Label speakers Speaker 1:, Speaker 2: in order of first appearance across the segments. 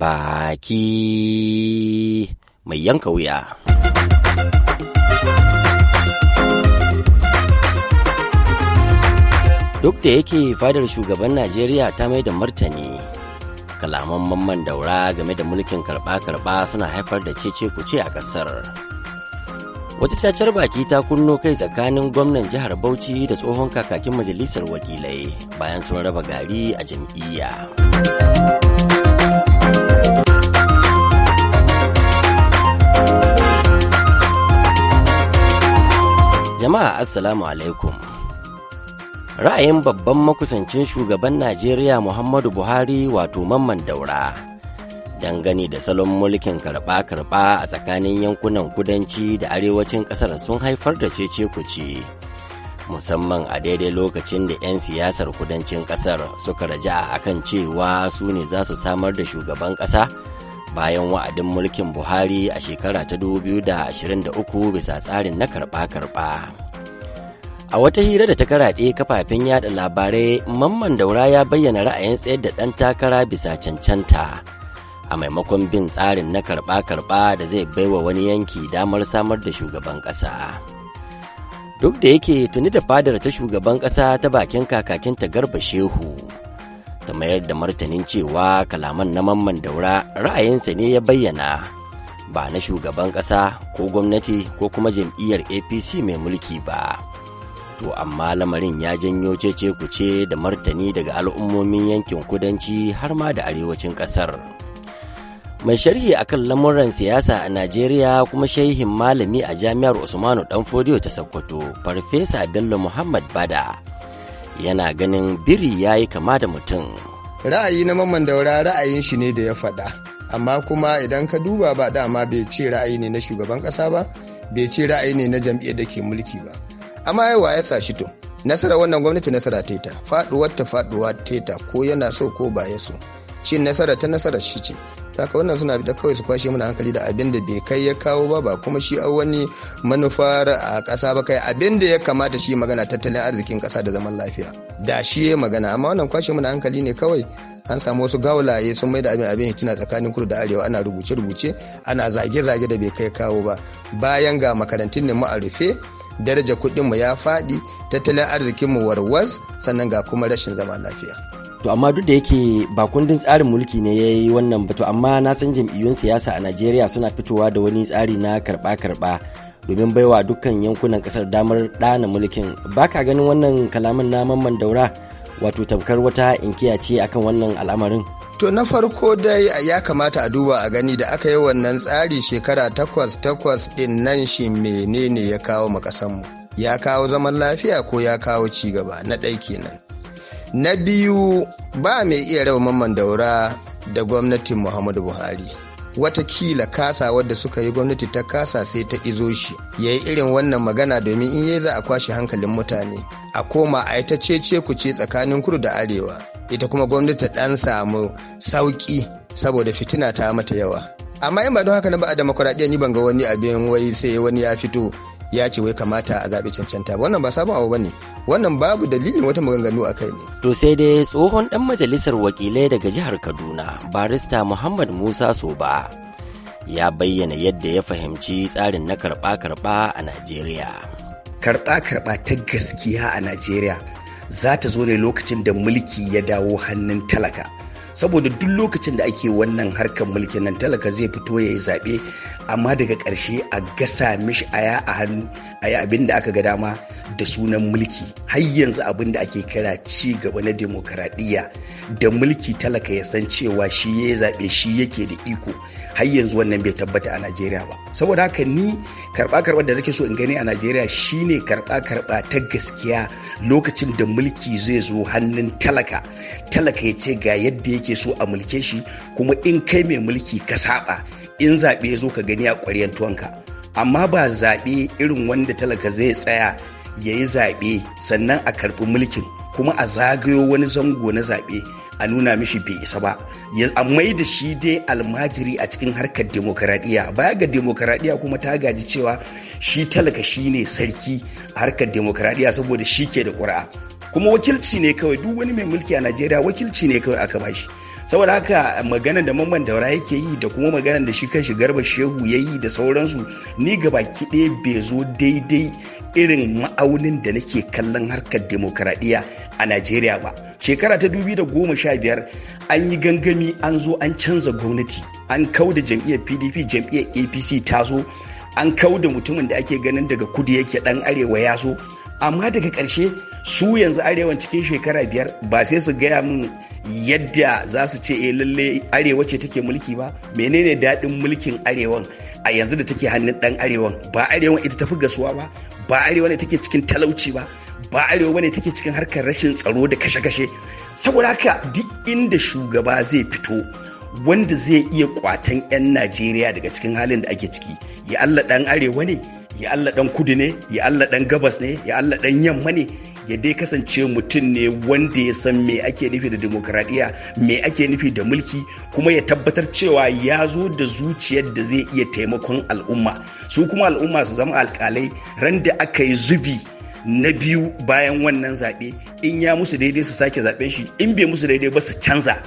Speaker 1: baki mai yanka wuya. Duk da yake fadar shugaban Najeriya ta mai da martani, kalaman mamman daura game da mulkin karɓa-karɓa suna haifar da cece kuce a ƙasar. Wata cacar baki ta kunno kai tsakanin gwamnan jihar Bauchi da tsohon kakakin majalisar wakilai bayan sun raba gari a jam'iyya. Jama'a Assalamu alaikum. Ra'ayin babban makusancin shugaban Najeriya Muhammadu Buhari wato mamman daura. gani da salon mulkin karɓa-karɓa a tsakanin yankunan kudanci da arewacin ƙasar sun haifar da cece kuce. Musamman a daidai lokacin da 'yan siyasar kudancin ƙasar suka raja a kan cewa su ne za su samar da shugaban ƙasa bayan wa'adin mulkin buhari a shekara ta 2023 bisa tsarin na karɓa-karɓa a wata hira da ta karaɗe kafafen yaɗa labarai mamman daura ya bayyana ra'ayin tsayar da ɗan takara bisa cancanta a maimakon bin tsarin na karɓa-karɓa da zai baiwa wani yanki damar samar da shugaban ƙasa duk da yake tuni da fadar ta shugaban ƙasa ta bakin kakakinta garba shehu ta mayar da martanin cewa kalaman na mamman daura ra'ayinsa ne ya bayyana ba na shugaban ƙasa ko gwamnati ko kuma jam'iyyar apc mai mulki ba to amma lamarin ya janyo cece kuce da martani daga al'ummomin yankin kudanci har ma da arewacin ƙasar mai sharhi a kan lamuran siyasa a najeriya kuma shaihin malami a jami'ar usmanu danfodiyo ta sokoto farfesa bello muhammad bada yana ganin biri ya yi kama da mutum.
Speaker 2: Ra'ayi na mamman daura ra'ayin shi ne da ya faɗa, amma kuma idan ka duba ba dama bai ce ra'ayi ne na shugaban ƙasa ba, bai ce ra'ayi ne na jam'iyyar da ke mulki ba. Amma yawa ya sa shi to, nasara wannan gwamnati nasara teta, faɗuwar ta faɗuwa teta ko yana so ko ba ya so. Cin nasara ta nasara shi ce, saka wannan suna da kawai su kwashe mana hankali da abin da bai kai ya kawo ba ba kuma shi an wani manufar a ƙasa ba kai abin da ya kamata shi magana tattalin arzikin ƙasa da zaman lafiya da shi ya magana amma wannan kwashe mana hankali ne kawai an samu wasu gaulaye sun mai da abin abin hitina tsakanin kudu da arewa ana rubuce-rubuce ana zage-zage da bai kai kawo ba bayan ga makarantun ne mu a rufe daraja kuɗinmu ya faɗi tattalin arzikinmu warwas sannan ga kuma rashin zaman lafiya.
Speaker 1: to amma duk da yake ba kundin tsarin mulki ne ya yi wannan ba to amma na san jam'iyyun siyasa a najeriya suna fitowa da wani tsari na karba-karba domin baiwa dukkan yankunan kasar damar ɗana mulkin ba ka ganin wannan kalaman na mamman daura wato tamkar wata inkiya ce akan wannan al'amarin
Speaker 2: To na farko dai ya kamata a duba a gani da aka yi wannan tsari shekara takwas takwas din nan shi menene ya kawo mu. Ya kawo zaman lafiya ko ya kawo ci gaba na ɗai kenan. na biyu ba mai iya raba mamman daura da gwamnatin muhammadu buhari watakila kasa wadda suka yi gwamnati ta kasa sai ta izo shi ya yi irin wannan magana domin in yi za a kwashe hankalin mutane a koma a yi ta cece ku ce tsakanin kudu da arewa ita kuma gwamnati ɗan samu sauƙi saboda fitina ta mata yawa amma in ba don haka na ba a demokuraɗiyya ni ban ga wani abin wai sai wani ya fito ya ce wai kamata a zaɓi cancanta wannan ba sabon abu bane wannan babu dalilin wata maganganu a kai ne.
Speaker 1: to sai dai tsohon ɗan majalisar wakilai daga jihar kaduna barista muhammad musa soba ya bayyana yadda ya fahimci tsarin na karɓa-karɓa a najeriya.
Speaker 3: karɓa-karɓa ta gaskiya a najeriya zata zo ne lokacin da mulki ya dawo hannun talaka. saboda duk lokacin da ake wannan harkar mulkin nan talaka zai fito ya yi zaɓe amma daga ƙarshe a gasa mishi aya a hannu a yi abin da aka ga dama da sunan mulki har yanzu abin da ake kira ci gaba na demokaradiyya da mulki talaka ya san cewa shi ya yi zaɓe shi yake da iko har yanzu wannan bai tabbata a najeriya ba saboda haka ni karɓa karɓa da nake so in gani a najeriya shine karɓa karɓa ta gaskiya lokacin da mulki zai zo hannun talaka talaka ya ce ga yadda yake so a mulke shi kuma in kai mai mulki ka saba in zaɓe ya zo ka gani a ƙwaryen tuwanka amma ba zaɓe irin wanda talaka zai tsaya ya yi zaɓe sannan a karɓi mulkin kuma a zagayo wani zango na zaɓe a nuna mishi bai isa ba a mai da shi dai almajiri a cikin harkar demokaradiyya baya ga demokaradiyya kuma ta gaji cewa shi talaka shi ne sarki a harkar demokaradiyya saboda shi ke da ƙuri'a kuma wakilci ne kawai duk wani mai mulki a najeriya wakilci ne kawai aka bashi saboda haka maganar da mamman daura yake yi da kuma maganar da shi kanshi garba shehu ya yi da sauransu ni gaba kiɗe bai zo daidai irin ma'aunin da nake kallon harkar demokaradiyya a najeriya ba shekara ta da goma sha biyar an yi gangami an zo an canza gwamnati an kau da jam'iyyar pdp jam'iyyar apc ta zo an kau da mutumin da ake ganin daga kudu yake dan arewa ya zo amma daga ƙarshe su yanzu arewan cikin shekara biyar ba sai su gaya min yadda za su ce eh lalle arewa ce take mulki ba menene daɗin mulkin arewan a yanzu da take hannun ɗan arewan ba arewa ita tafi gasuwa ba ba arewa ne take cikin talauci ba ba arewa ne take cikin harkar rashin tsaro da kashe-kashe saboda haka duk inda shugaba zai fito wanda zai iya kwatan 'yan najeriya daga cikin halin da ake ciki ya allah ɗan arewa ne ya Allah dan kudu ne ya Allah dan gabas ne ya Allah dan yamma ne ya dai kasance mutum ne wanda ya san me ake nufi da demokradiyya me ake nufi da mulki kuma ya tabbatar cewa ya zo da zuciyar da zai iya taimakon al'umma su kuma al'umma su zama alkalai ran da aka yi zubi na biyu bayan wannan zaɓe in ya musu daidai su sake zaɓen shi in bai musu daidai ba su canza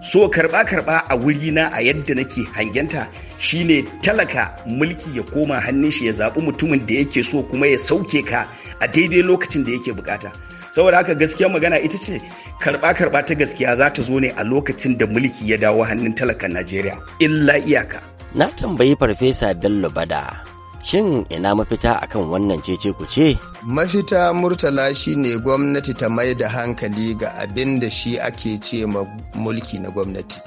Speaker 3: so karba karba a wurina a yadda nake hangenta shine talaka mulki ya koma hannun shi ya zaɓi mutumin da yake so kuma ya sauke ka a daidai lokacin da yake bukata saboda haka gaskiya magana ita ce karba karba ta gaskiya za ta zo ne a lokacin da mulki ya dawo hannun talakan najeriya illa iyaka na tambayi farfesa bello bada Shin ina
Speaker 1: mafita akan wannan cece ku ce?
Speaker 2: Mafita murtala shi ne gwamnati ta mai da hankali ga abin da shi ake ce ma mulki na gwamnati.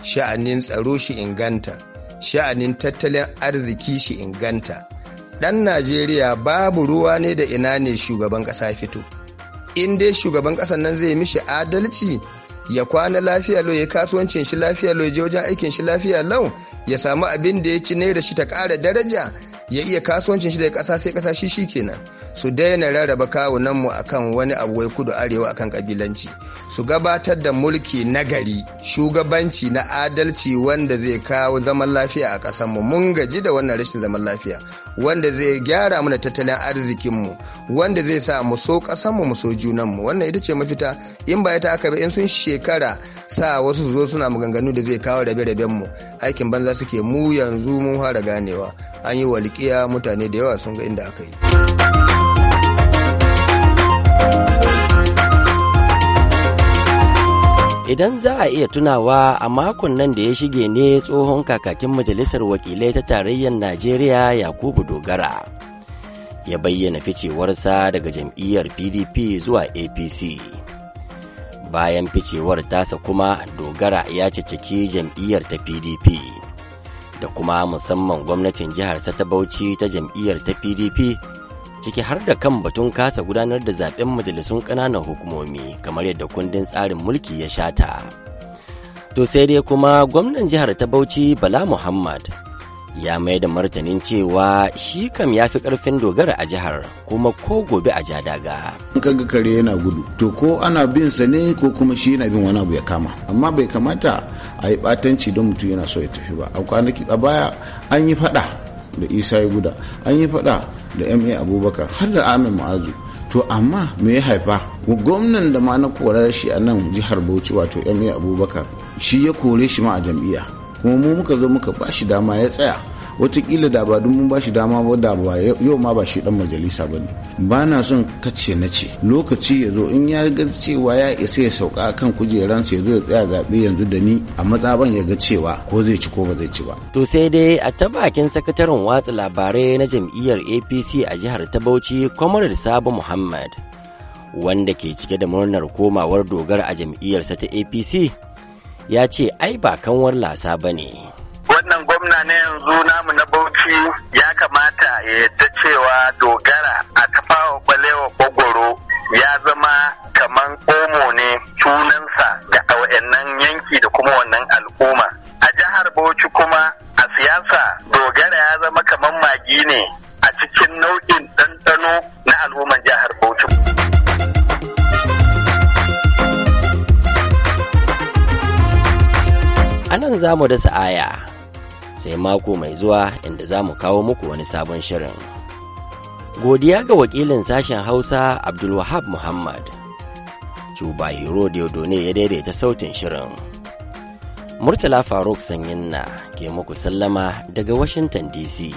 Speaker 2: Sha'anin tsaro shi inganta, sha'anin tattalin arziki shi inganta. Ɗan Najeriya babu ruwa ne da ina ne shugaban ƙasa fito. In dai shugaban ƙasan nan zai mishi adalci ya kwana lafiya lau ya kasuwancin shi lafiya lau ya je wajen aikin shi lafiya lau ya samu abin da ya ci naira shi ta ƙara daraja ya iya kasuwancin shi da ƙasa sai ƙasa shi kenan? su daina rarraba kawunan mu akan wani abu wai kudu arewa akan kabilanci su gabatar da mulki nagari shugabanci na adalci wanda zai kawo zaman lafiya a ƙasar mu mun gaji da wannan rashin zaman lafiya wanda zai gyara mana tattalin arzikin mu wanda zai sa mu so ƙasanmu mu so junanmu wannan ita ce mafita in ba ita aka bi in sun shekara sa wasu su zo suna maganganu da zai kawo rabe-raben mu aikin banza suke mu yanzu mun fara ganewa an yi walƙiya mutane da yawa sun ga inda aka yi.
Speaker 1: Idan za a iya tunawa a makon nan da ya shige ne tsohon kakakin majalisar wakilai ta tarayyar Najeriya Yakubu Dogara ya bayyana ficewarsa daga jam'iyyar pdp zuwa apc bayan ficewar tasa kuma dogara ya ciciki jam'iyyar ta pdp da kuma musamman gwamnatin jiharsa ta bauchi ta jam'iyyar ta pdp ciki har da kan batun kasa gudanar da zaben majalisun ƙananan hukumomi kamar yadda kundin tsarin mulki ya shata to sai dai kuma gwamnan jihar ta bauchi bala muhammad ya mai da martanin cewa shi kam ya fi karfin dogara a jihar kuma ko gobe a ja daga.
Speaker 2: kaga kare yana gudu to ko ana bin sa ne ko kuma shi yana bin wani abu ya kama amma bai kamata a yi batanci don mutum yana so ya tafi ba a kwanaki a baya an yi fada da isa ya guda an yi fada da ma abubakar har da amin ma'azu to amma me ya haifa gwamnan da ma na kora shi a nan jihar bauchi wato ma abubakar shi ya kore shi ma a jam'iyya kuma mu muka zo muka ba shi dama ya tsaya watakila da ba mun ba shi dama ba da ba yau ma ba shi dan majalisa ba ne ba na son kace na ce lokaci ya zo in ya ga cewa ya isa ya sauka kan kujeransa ya zo ya tsaya zaɓe yanzu da ni a matsaban ya ga cewa ko zai ci ko ba zai ci ba.
Speaker 1: to sai dai a ta bakin sakataren watsa labarai na jam'iyyar apc a jihar ta bauchi comrade sabo muhammad wanda ke cike da murnar komawar dogara a jam'iyyarsa ta apc ya ce ai ba kanwar lasa ba
Speaker 3: ne. Wannan gwamna na yanzu namu na Bauchi ya kamata ya yadda cewa dogara a kafawa balewa kogoro ya zama kaman omo ne sunansa ga wayannan yanki da kuma wannan al'umma. A jihar Bauchi kuma a siyasa dogara ya zama kaman magi ne
Speaker 1: za mu dasa aya sai mako mai zuwa inda za mu kawo muku wani sabon shirin. Godiya ga wakilin sashen Hausa Abdulwahab Muhammad. Cuba Hero Diodone ya daidaita sautin shirin. Murtala Faruk Sanyinna ke muku sallama daga Washington DC.